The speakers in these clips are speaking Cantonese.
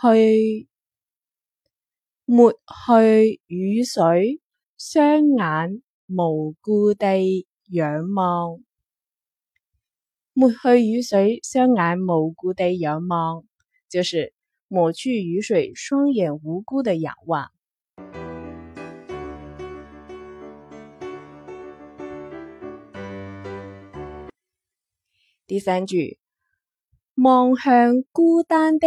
去抹去雨水，雙眼無故地仰望；抹去雨水，雙眼無故地仰望，就是抹去雨水，雙眼無辜地仰望。第三句：望向孤單的。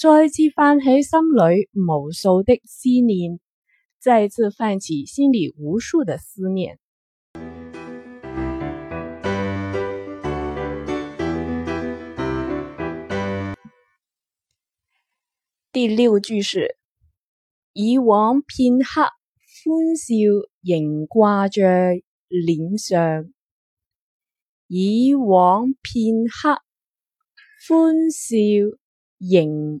再次泛起心裏無數的思念，再次泛起心裏無數的思念。第六句是以往片刻歡笑仍掛在臉上，以往片刻歡笑仍。